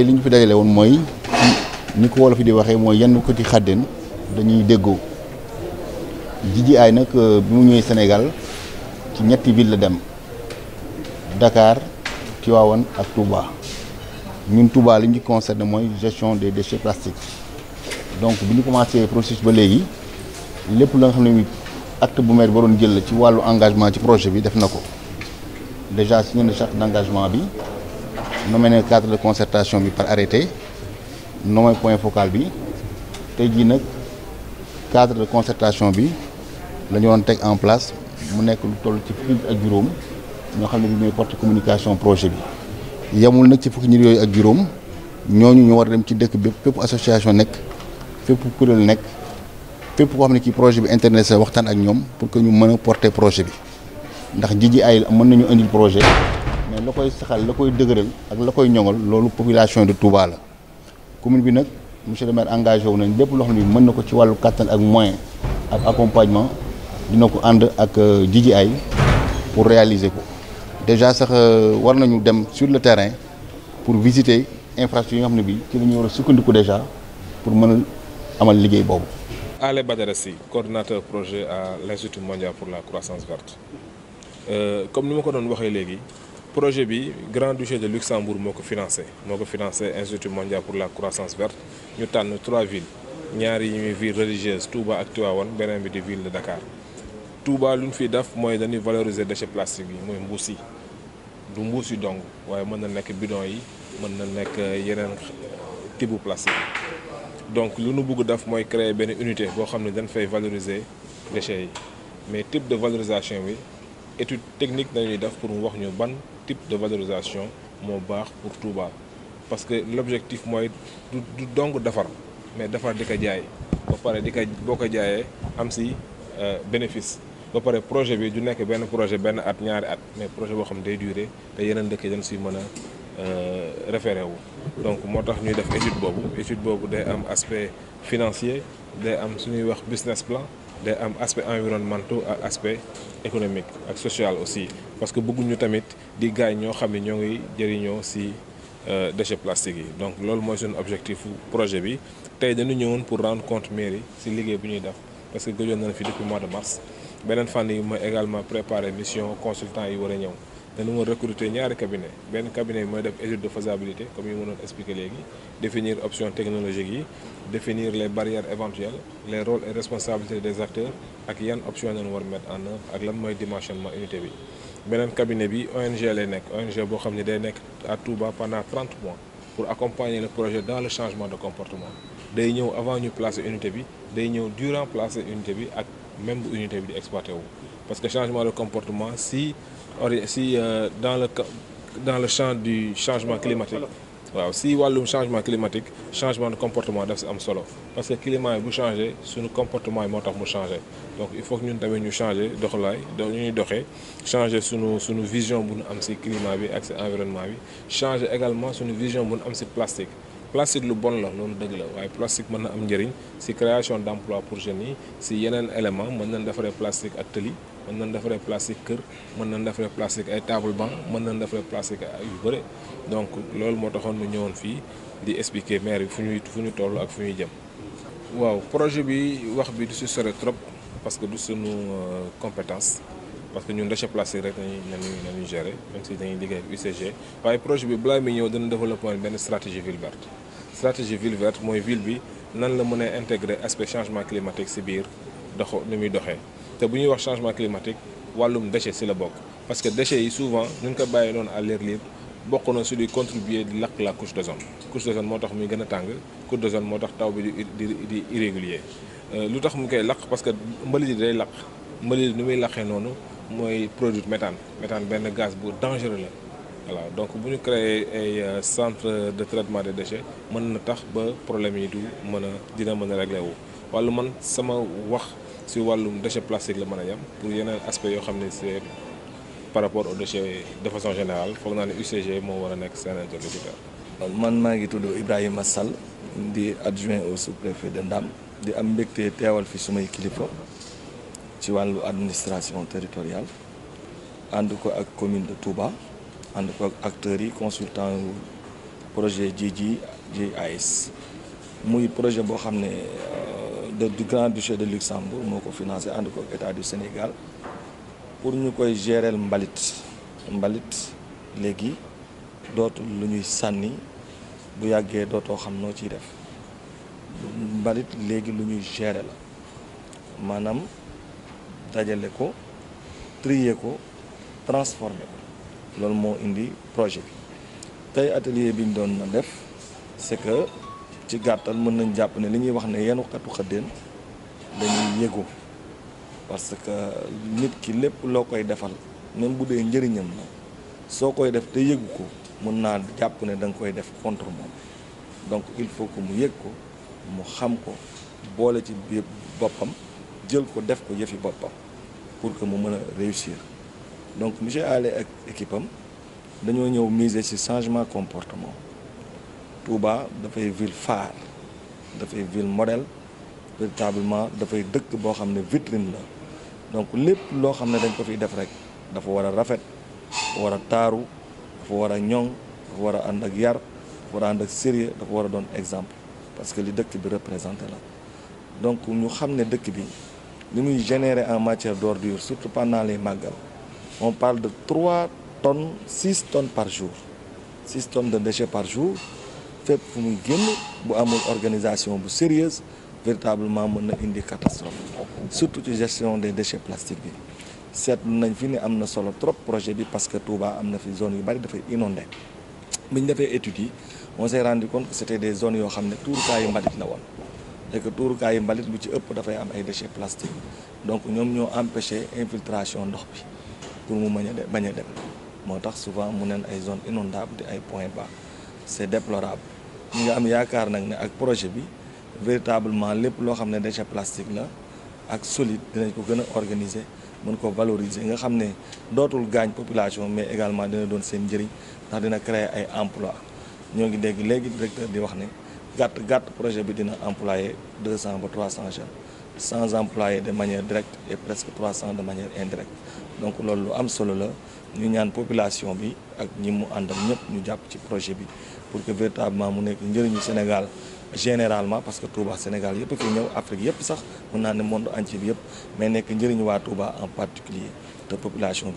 tey li fi dajale won moy ni ko wolof yi di waxé moy yenn ko ci xàddeen dañuy déggo djiji ay nak euh, bi mu ñëwé Sénégal ci ñetti ville la dem Dakar Tivaouane ak Touba ñun Touba li ñu concerne moy gestion des déchets plastiques donc bi ñu commencé processus ba légui lépp la nga xamné acte bu maire waron jël ci walu engagement ci projet bi def na déjà signé na charte d'engagement bi nommé na cadre de concertation bi par arrêté nommé point focal bi tey jii cadre de concertation bi la ñu doon en place mu nekk lu toll ci fukki ak juróom ñoo xam ne bi ñooy porte communication projet bi yemul nag ci fukki nit yooyu ak juróom ñooñu ñu war dem ci dëkk bépp fépp association nekk fépp kuréel nek. fépp koo xam ne kii projet bi intéressé waxtaan ak ñoom pour que ñu mën a porter projet bi ndax ji ji ay mën nañu indil projet mais la koy saxal la koy dëgëral ak la koy ñoŋal loolu population de Touba la commune bi nak monsieur le maire engagé wu nañ lépp loo xam ne mën na ci walu katan ak moyen ak accompagnement dinako and ak ak euh, ay pour réaliser ko déjà sax euh, war nañu dem sur le terrain pour visiter infrastructure yi nga xam bi bii ci la ñu war a sukkandiku déjà pour mën amal liguey bobu Ale Badara Sy coordinateur projet à l'Institut mondial pour la croissance verte euh, comme ni ma ko doon waxee léegi projet bi Grand Duché de Luxembourg moko financé Il financé Institut mondial pour la croissance verte ñu tann trois villes ñaar yi ñuy ville religieuse Touba ak Tivaouane benen bi ville de Dakar Touba luñ fi d'af, moy mooy dañuy valoriser déchets plastiques yi moy mbuus du mbuus yi dong waaye mën na bidon yi plastique donc lu bëgg d'af, moy créer benn unité pour xamni les dañ fay valoriser déchets yi mais type de valorisation bi étude technique dans les pour nous wax ñu bonne type de valorisation moo bar pour Touba parce que l'objectif mooy du donc dong mais dafar di ko jaay ba pare di am si euh, bénéfice ba pare projet bi du nekk ben projet ben at ñaari at mais projet boo xam day durer il yeneen dëkk yi dañ siy euh, référé wu donc moo tax ñuy def étude boobu étude boobu day am aspect financier day am suñuy wax business plan day am aspect environnementaux ak aspect économique ak social aussi parce que beaucoup tamit di gaañ ñoo xam ne ñoo ngi jëriñoo si euh, déchets plastiques donc loolu mooy suñu objectif projet bi tey dañu pour rendre compte mairie si liggéey bu ñuy def parce que gëjoon nañ fi depuis mois de mars beneen fànn yi mooy également préparé mission consultant yi réunion. ñëw nous recrutons recruter cabinet Un cabinet de faisabilité comme je nous expliqué définir option technologique définir les barrières éventuelles les rôles et responsabilités des acteurs ak les option nous war mettre en œuvre ak lan de dimensionnement unité l'unité. un cabinet bi ONG lay ONG à pendant 30 mois pour accompagner le projet dans le changement de comportement day avant de placer unité bi day durant placer unité bi même l'unité unité parce que le changement de comportement si si euh, dans le dans le champ du changement climatique waaw si walum changement climatique changement de comportement daf am solo parce que climat yi bu changé suñu comportement yi tax mu changé donc il faut que ñun devions ñu changé doxalaay ñuy doxé changé suñu suñu vision bu ñu am ci climat bi ak ci environnement bi changé également suñu vision bu ñu am ci plastique plastique lu bon la loolu dëgg la waaye plastique mën na am njëriñ ci création d'emploi pour jeunes yi ci yeneen élément mën nañ defaree plastique ak tëli mën nañ defaree plastique kër mën nañ defaree plastique ay table banc mën nañ defaree plastique ay yu bëre donc loolu moo taxoon ñu ñëwoon fii di expliquer maire yi fu ñuy fu ñu toll ak fu ñuy jëm. waaw projet bi wax bi du ci sore trop parce que du sunu euh, compétence parce que ñun déchet plastique rek dañuy nañu nañu gérer même si dañuy liggéey ak UCG waaye projet bi balaa muy ñëw dana développement benn stratégie ville verte stratégie ville verte moy ville bi nan la mën intégrer aspect changement climatique ci biir doxo ni muy doxé té bu ñuy wax changement climatique walum déchet c'est la bok parce que déchets yi souvent ñu ko bayé non à l'air libre bokk na su di contribuer di lakk la couche d'ozone couche d'ozone motax muy gëna tang couche d'ozone motax taw bi di di irrégulier euh, lu tax mu koy lakk parce que mbalit yi day lakk mbalit yi ni muy lakkee noonu moy produit méthane méthane ben gaz bu dangereux la voilà donc buñu créer ay euh, centre de traitement des déchets mën na tax ba problème yi du mën dina mën régler wu walu man sama wax si wàllum déchets plastique la mën a pour yeneen aspect yoo xam ne c'est par rapport aux déchets de façon générale foog naa ne UCG moo war a nekk seen interlocuteur man maa ngi tudd Ibrahima Sall di adjoint au sous-préfet de Ndam di am mbégte teewal fi sumay kilifa ci walu administration territoriale ànd ko ak commune de Touba ànd ko ak acteurs yi consultant projet JJ JIS muy projet bo xamné euh, de du Grand Duché de Luxembourg moko financer financé ko état du Sénégal pour ñukoy gérer gérer mbalit mbalit légui dootul lu ñuy sanni bu yàggee dootoo xam noo ciy def mbalit légui lu ñuy gérer la manam dajale ko trier ko transformer ko loolu moo indi projet bi tey atelier bi doon na def c'est que ci gàttal mën nañ jàpp ne li ñuy wax ne yenu xatu xaddeen dañuy yëgu parce que nit ki lépp loo koy defal même bu dee njëriñam la soo koy def te yëgu ko mën naa jàpp ne da nga koy def contre moom donc il faut que mu yëg ko mu xam ko boole ci biir boppam ko def pour que réussir donc monsieur Allé ak équipe am dañoo ñëw miser changement comportement Touba une ville phare une ville modèle véritablement vitrine donc lépp loo xam dañ ko fiy def rek dafa war a rafet dafa war a yar exemple parce que li dëkk bi la donc ñu nous générer en matière d'ordure surtout pendant les magasins. on parle de 3 tonnes 6 tonnes par jour 6 tonnes de déchets par jour fait pour nous une une organisation sérieuse véritablement une catastrophe surtout la gestion des déchets plastiques Certes, seetlu nañ nous solo trop projet parce que tout va monde fi zone yu bari inondées. inondé nous avons étudié, on s'est rendu compte que c'était des zones qui ont tout le yu et que tuuru mbalit lu ci ëpp dafay am ay déchets plastique donc ñoom ñoo empêché infiltration ndox bi pour mu bañ a dem bañ a dem moo tax souvent mu neen ay zone inondable di ay point bas c' est déplorable ñi am yaakaar nag ne ak projet bi véritablement lépp loo xam ne déchet plastique la ak solide dinañ ko gën a organiser mën ko valoriser nga xam ne dootul gaañ population mais également dina doon seen njëriñ ndax dina créer ay emploi ñoo ngi dégg léegi directeur di wax ne 4 projets projet employé 200 ou 300 jeunes 100 employés de manière directe et presque 300 de manière indirecte donc nous avons am solo la population bi ak ñi mu andam projet pour que véritablement mu nekk au Sénégal généralement parce que le Sénégal yépp fi ñëw Afrique sax mëna né monde entier yépp mais nekk ñëriñu wa Touba en particulier de population